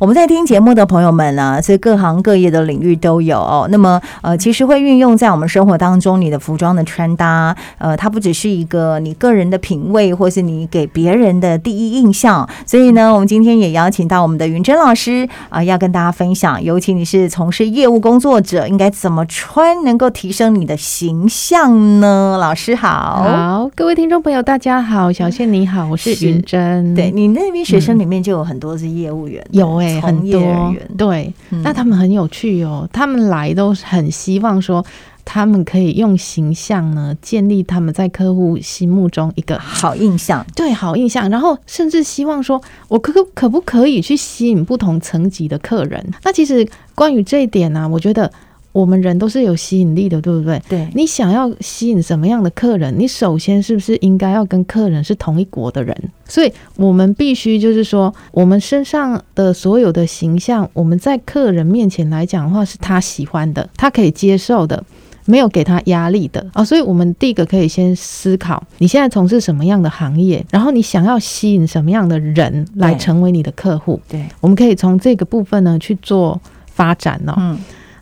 我們在聽節目的朋友們呢、啊，所以各行各業的領域都有、哦。那麼，呃，其實會運用在我們生活當中，你的服裝的穿搭，呃，它不只是一個你個人的品味，或是你給別人的第一印象。所以呢，我們今天也邀請到我們的昀真老師啊、呃，要跟大家分享。尤其你是從事業務工作者，應該怎麼穿能夠提升你的形象呢？老師好，好，各位聽眾朋友，大家好，小倩你好，我是昀真。對你那邊學生裡面就有很多是業務員、嗯，有哎、欸。很多人對，嗯、那他們很有趣哦。他們來都很希望說，他們可以用形象呢，建立他們在客戶心目中一個好印象，對，好印象。然後甚至希望說，我可可可不可以去吸引不同層級的客人？那其實關於這一點呢、啊，我覺得。我們人都是有吸引力的，對不對？對，你想要吸引什麼樣的客人，你首先是不是應該要跟客人是同一國的人？所以我們必須就是說，我們身上的所有的形象，我們在客人面前來講的話，是他喜歡的，他可以接受的，沒有給他壓力的啊。所以，我們第一個可以先思考，你現在從事什麼樣的行業，然後你想要吸引什麼樣的人來成為你的客戶？對，對我們可以從這個部分呢去做發展呢、哦。嗯。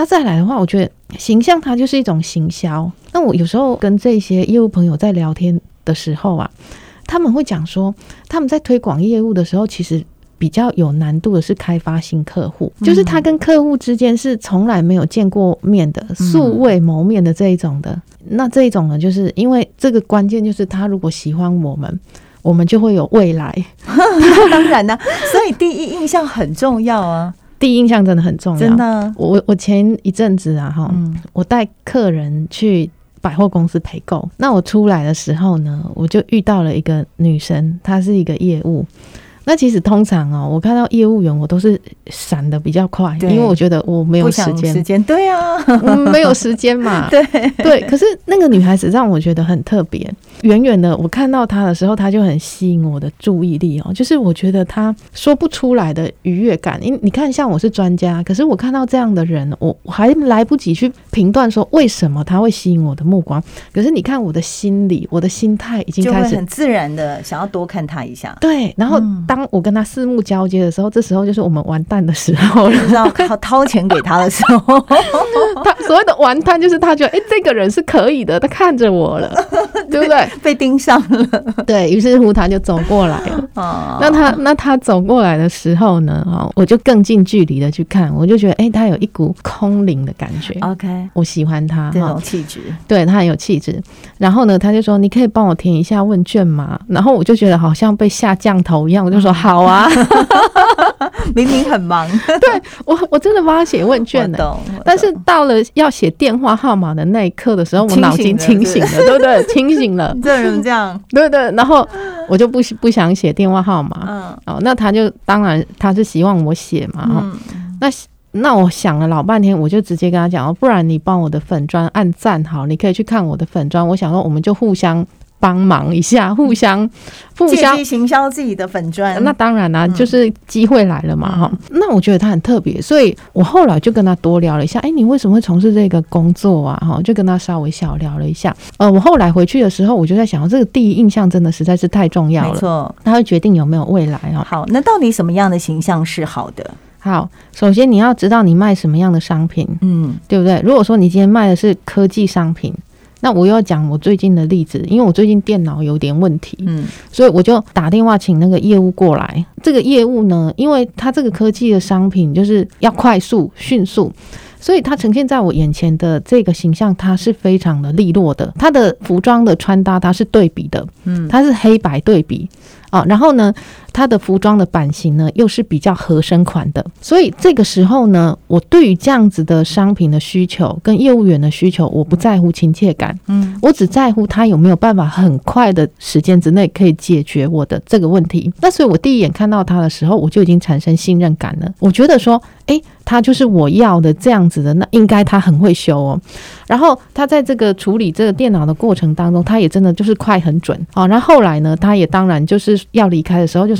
那再來的話，我覺得形象它就是一種行銷。那我有時候跟這些業務朋友在聊天的時候啊，他們會講說，他們在推廣業務的時候，其實比較有難度的是開發新客戶，就是他跟客戶之間是從來沒有見過面的、素未謀面的這一種的。嗯、那這一種呢，就是因為這個關鍵就是他如果喜歡我們，我們就會有未來。 當然呢、啊，所以第一印象很重要啊。第一印象真的很重要。真的，我我前一陣子啊、哈、嗯，我帶客人去百貨公司陪購。那我出來的時候呢，我就遇到了一個女生，她是一個業務。那其實通常哦、喔，我看到業務員我都是閃得比較快，因為我覺得我沒有時間，時間，對啊，我沒有時間嘛。 對對，可是那個女孩子讓我覺得很特別。遠遠的，我看到他的時候，他就很吸引我的注意力哦、喔。就是我覺得他說不出來的愉悅感，因為你看，像我是專家，可是我看到這樣的人，我我還來不及去評斷說為什麼他會吸引我的目光。可是你看我的心理，我的心態已經開始就很自然的想要多看他一下。對，然後當我跟他四目交接的時候，嗯、這時候就是我們完蛋的時候，然後掏，掏錢給他的時候 他所謂的完蛋就是他覺得哎、欸，這個人是可以的，他看着我了， 對不對？ 被盯上了對，對，於是乎他就走過來了， oh. 那他那他走過來的時候呢，哈，我就更近距離的去看，我就覺得，哎、欸，他有一股空靈的感覺，OK，我喜歡他這種氣質，對他很有氣質。然後呢，他就說你可以幫我填一下問卷嗎？然後我就覺得好像被下降頭一樣，我就說好啊。 明明很忙 對，對我我真的幫他寫問卷的，欸，但是到了要寫電話號碼的那一刻的時候，我腦筋清醒了， 對不對，清醒了，你怎麼這樣？對對，然後我就不不想寫電話號碼，嗯，哦，那他就當然他是希望我寫嘛，嗯、那那我想了老半天，我就直接跟他講哦，不然你幫我的粉專按讚好，你可以去看我的粉專，我想說我們就互相。幫忙一下，互相 互相行銷自己的粉專。那當然啦、啊，就是機會來了嘛哈、嗯。那我覺得他很特別，所以我後來就跟他多聊了一下。哎、欸，你為什麼會從事這個工作啊？哈，就跟他稍微小聊了一下。呃，我後來回去的時候，我就在想，這個第一印象真的實在是太重要了，沒錯，他會決定有沒有未來哈。好，那到底什麼樣的形象是好的？好，首先你要知道你賣什麼樣的商品，嗯，對不對？如果說你今天賣的是科技商品。那我要講我最近的例子，因為我最近電腦有點問題，嗯，所以我就打電話請那個業務過來。這個業務呢，因為他這個科技的商品就是要快速、迅速，所以他呈現在我眼前的這個形象，它是非常的利落的。他的服裝的穿搭，它是對比的，嗯，它是黑白對比啊，哦。然後呢，他的服裝的版型呢，又是比較合身款的，所以這個時候呢，我對於這樣子的商品的需求跟業務員的需求，我不在乎親切感，嗯，我只在乎他有沒有辦法很快的時間之內可以解決我的這個問題。那所以我第一眼看到他的時候，我就已經產生信任感了。我覺得說，誒、欸，他就是我要的這樣子的，那應該他很會修哦。然後他在這個處理這個電腦的過程當中，他也真的就是快很準哦。然後後來呢，他也當然就是要離開的時候就是。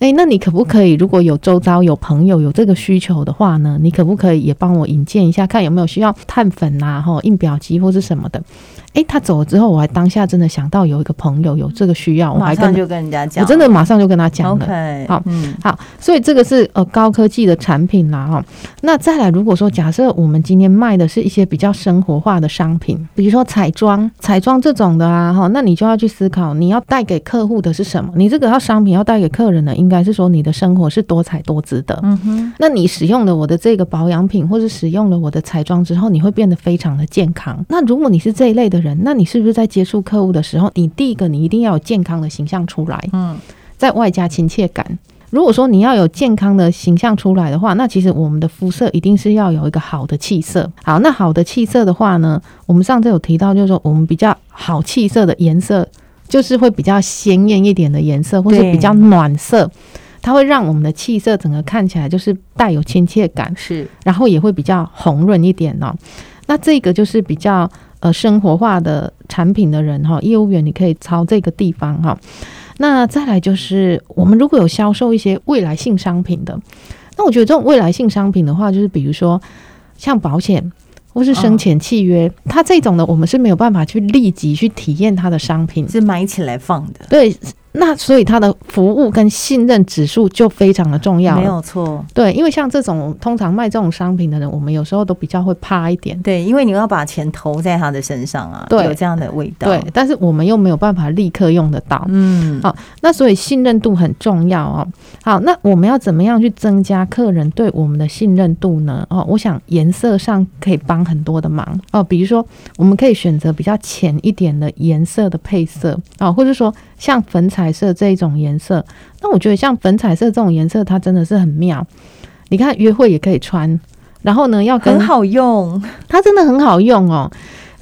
哎、欸，那你可不可以，如果有周遭有朋友有這個需求的話呢，你可不可以也幫我引薦一下，看有沒有需要碳粉啊、吼，印表機或是什麼的？哎、欸，他走了之後，我還當下真的想到有一個朋友有這個需要，我還跟馬上就跟人家講，我真的馬上就跟他講了。Okay, 好，嗯，好，所以這個是呃高科技的產品啦，哈。那再來，如果說假設我們今天賣的是一些比較生活化的商品，比如說彩妝、彩妝這種的啊，哈，那你就要去思考你要帶給客戶的是什麼？你這個要商品要帶給客人的應該是說你的生活，是多彩多姿的，嗯哼。那你使用了我的這個保養品，或是使用了我的彩妝之後，你會變得非常的健康。那如果你是這一類的人，那你是不是在接觸客戶的時候，你第一個你一定要有健康的形象出來，嗯，在外加親切感。如果說你要有健康的形象出來的話，那其實我們的膚色一定是要有一個好的氣色。好，那好的氣色的話呢，我們上次有提到，就是說我們比較好氣色的顏色。就是會比較鮮豔一點的顏色，或是比較暖色，它會讓我們的氣色整個看起來就是帶有親切感，是，然後也會比較紅潤一點哦。那這個就是比較呃生活化的產品的人哈、哦，業務員你可以抄這個地方哈、哦。那再來就是我們如果有銷售一些未來性商品的，那我覺得這種未來性商品的話，就是比如說像保險。或是生前契約，哦、它這種的我們是沒有辦法去立即去體驗它的商品，是買起來放的。對。那所以他的服務跟信任指數就非常的重要，嗯，沒有錯，對，因為像這種通常賣這種商品的人，我們有時候都比較會怕一點，對，因為你要把錢投在他的身上啊，對，有這樣的味道，對，但是我們又沒有辦法立刻用得到，嗯，好，那所以信任度很重要哦。好，那我們要怎麼樣去增加客人對我們的信任度呢？哦，我想顏色上可以幫很多的忙哦，比如說我們可以選擇比較淺一點的顏色的配色啊，哦，或者說像粉彩。彩色這一種顏色，那我覺得像粉彩色這種顏色，它真的是很妙。你看，約會也可以穿，然後呢，要很好用，它真的很好用哦。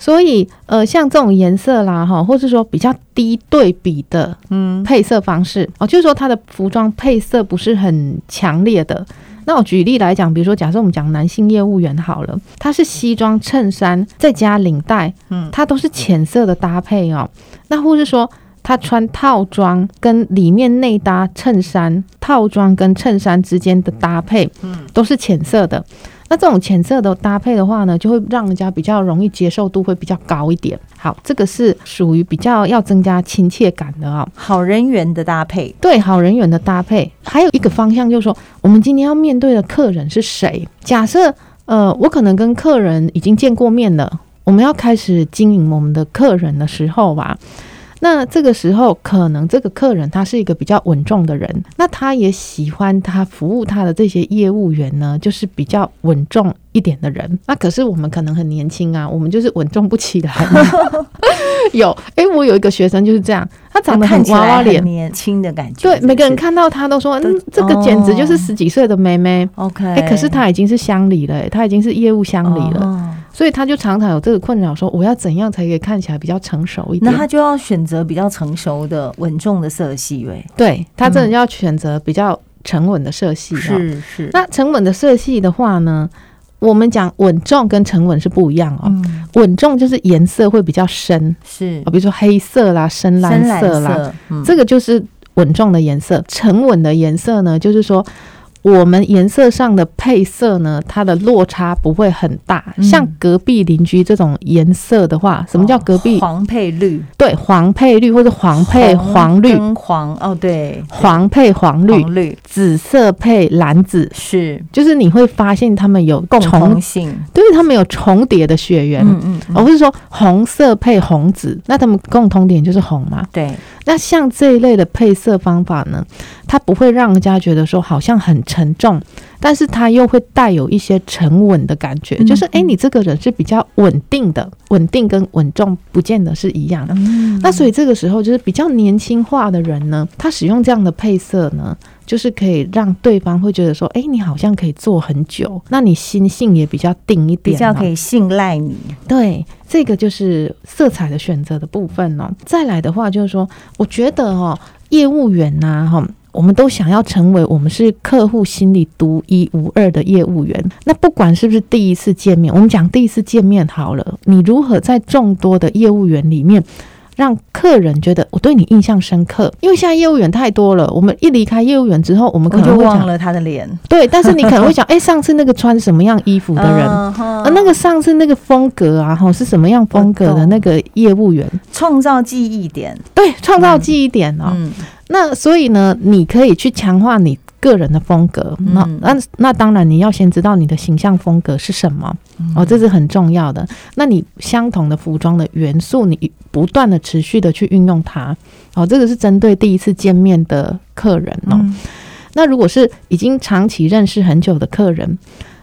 所以，呃，像這種顏色啦，哈，或是說比較低對比的，嗯，配色方式、嗯、哦，就是說它的服裝配色不是很強烈的。那我舉例來講，比如說，假設我們講男性業務員好了，它是西裝、襯衫再加領帶，嗯，它都是淺色的搭配哦。那或是說他穿套裝跟裡面內搭襯衫，套裝跟襯衫之間的搭配，嗯，都是淺色的。那這種淺色的搭配的話呢，就會讓人家比較容易接受度會比較高一點。好，這個是屬於比較要增加親切感的啊、喔，好人緣的搭配。對，好人緣的搭配。還有一個方向就是說，我們今天要面對的客人是誰？假設呃，我可能跟客人已經見過面了，我們要開始經營我們的客人的時候吧。那這個時候，可能這個客人他是一個比較穩重的人，那他也喜歡他服務他的這些業務員呢，就是比較穩重一點的人。那可是我們可能很年輕啊，我們就是穩重不起來。 有，哎、欸，我有一個學生就是這樣，他長得很娃娃臉很年輕的感覺，對，每個人看到他都說都，嗯，這個簡直就是十幾歲的妹妹。哦、OK，欸，可是他已經是鄉里襄理了欸，他已經是業務襄理了。哦所以他就常常有這個困擾，說我要怎樣才可以看起來比較成熟一點？那他就要選擇比較成熟的穩重的色系。欸、對，他真的要選擇比較沉穩的色系。是是。那沉穩的色系的話呢，我們講穩重跟沉穩是不一樣哦。穩重就是顏色會比較深，嗯，是比如說黑色啦、深藍色啦，嗯、這個就是穩重的顏色。沉穩的顏色呢，就是說。我們顏色上的配色呢，它的落差不會很大。嗯，像隔壁鄰居這種顏色的話，什麼叫隔壁？哦，黃配綠，對，黃配綠，或者黃配黃綠，黃，哦，對，黃配黃綠，黃綠，紫色配藍紫，是，就是你會發現他們有共同性，對它他們有重疊的血緣，嗯嗯，嗯，哦，或者說紅色配紅紫，那他們共同點就是紅嘛，對。那像這一類的配色方法呢，它不會讓人家覺得說好像很沉重。但是他又會帶有一些沉穩的感覺，嗯嗯就是哎、欸，你這個人是比較穩定的，穩定跟穩重不見得是一樣的。嗯嗯那所以這個時候就是比較年輕化的人呢，他使用這樣的配色呢，就是可以讓對方會覺得說，哎、欸，你好像可以做很久，那你心性也比較定一點、啊，比較可以信賴你。對，這個就是色彩的選擇的部分哦。再來的話就是說，我覺得哦，業務員吶、啊，哈、哦。我們都想要成為我們是客戶心裡獨一無二的業務員。那不管是不是第一次見面，我們講第一次見面好了，你如何在眾多的業務員裡面，讓客人覺得我對你印象深刻，因為現在業務員太多了。我們一離開業務員之後，我們可能會就忘了他的臉。對，但是你可能會想，哎、 欸，上次那個穿什麼樣衣服的人，嗯嗯、而那個上次那個風格啊，哈，是什麼樣風格的那個業務員？創造記憶點，對，創造記憶點哦、嗯嗯。那所以呢，你可以去強化你。個人的風格，那、嗯、那那當然你要先知道你的形象風格是什麼哦，這是很重要的。那你相同的服裝的元素，你不斷的持續的去運用它哦，這個是針對第一次見面的客人哦、嗯。那如果是已經長期認識很久的客人，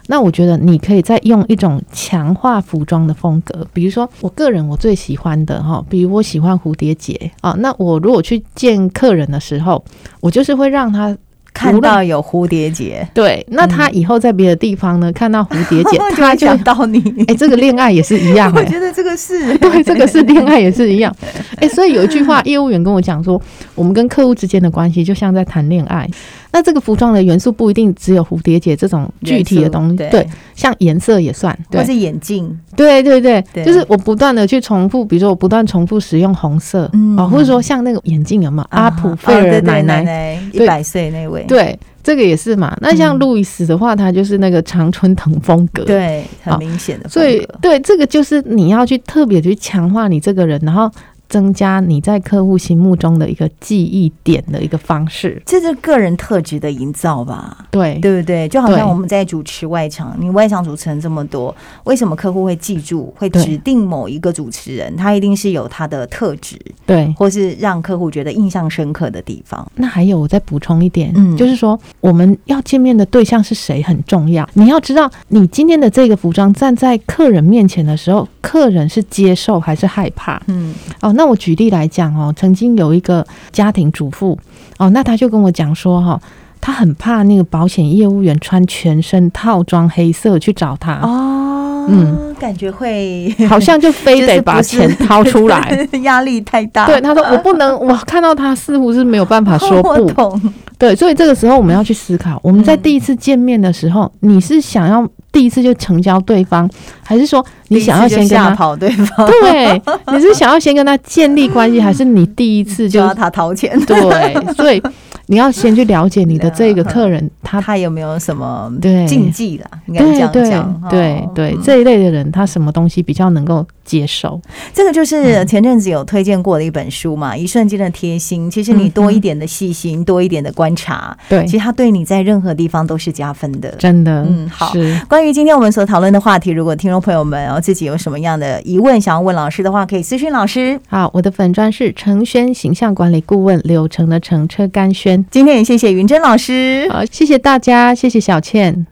那我覺得你可以再用一種強化服裝的風格，比如說我個人我最喜歡的哈、哦，比如我喜歡蝴蝶結啊、哦，那我如果去見客人的時候，我就是會讓他。看到有蝴蝶結，對，那他以後在別的地方呢看到蝴蝶結，嗯、他就想到你。哎、欸，這個戀愛也是一樣、欸。我覺得這個是、欸，對，這個是戀愛也是一樣。哎、 欸，所以有一句話，業務員跟我講說，我們跟客戶之間的關係就像在談戀愛。那這個服裝的元素不一定只有蝴蝶結這種具體的東西，對，對，像顏色也算，對，或是眼鏡，對對對，對，就是我不斷的去重複，比如說我不斷重複使用紅色，啊、嗯哦，或者說像那個眼鏡有沒有、嗯、阿普菲爾的奶奶一百歲那位，對，這個也是嘛。那像路易斯的話，他就是那個常春藤風格，嗯、對，很明顯的風格、哦。所以對這個就是你要去特別去強化你這個人，然後。增加你在客戶心目中的一個記憶點的一個方式，這是個人特質的營造吧？對，對不對？就好像我們在主持外場，你外場主持人這麼多，為什麼客戶會記住，會指定某一個主持人？他一定是有他的特質，對，或是讓客戶覺得印象深刻的地方。那還有，我再補充一點，嗯，就是說我們要見面的對象是誰很重要。你要知道，你今天的這個服裝站在客人面前的時候。個人是接受還是害怕？嗯，哦，那我舉例來講哦，曾經有一個家庭主婦哦，那他就跟我講說哈，哦，他很怕那個保險業務員穿全身套裝黑色去找他，哦。嗯，感覺會好像就非得把錢掏出來，壓、就是、 力太大。對，他說我不能，我看到他似乎是沒有辦法說不。對，所以這個時候我們要去思考，我們在第一次見面的時候，嗯、你是想要第一次就成交對方，還是說你想要先嚇跑對方？對，你是想要先跟他建立關係， 還是你第一次就要他掏錢？對，所以。你要先去了解你的這個客人，他他有沒有什麼禁忌的？對，你應該這樣講，對對、哦、對、對，這一類的人、嗯、他什麼東西比較能夠。接受，這個就是前陣子有推薦過的一本書嘛，嗯《一瞬間的貼心》。其實你多一點的細心，嗯、多一點的觀察，對、嗯，其實它對你在任何地方都是加分的。真的，嗯，好。關於今天我們所討論的話題，如果聽眾朋友們哦自己有什麼樣的疑問想要問老師的話，可以私訊老師。好，我的粉專是橙軒形象管理顧問，柳橙的橙，車甘軒。今天也謝謝昀真老師。好，謝謝大家，謝謝小倩。